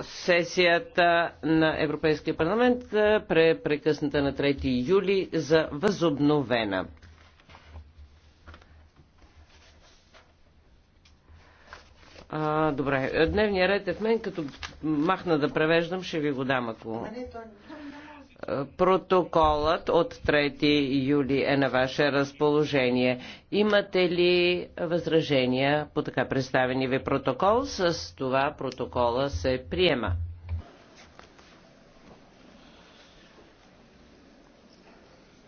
сесията на Европейския парламент, е, прекъсната на 3 юли за възобновена. А, добре, дневният ред е в мен като махна да превеждам, ще ви го дам ако... Протоколът от 3 юли е на ваше разположение. Имате ли възражения по така представени ви протокол? С това протокола се приема.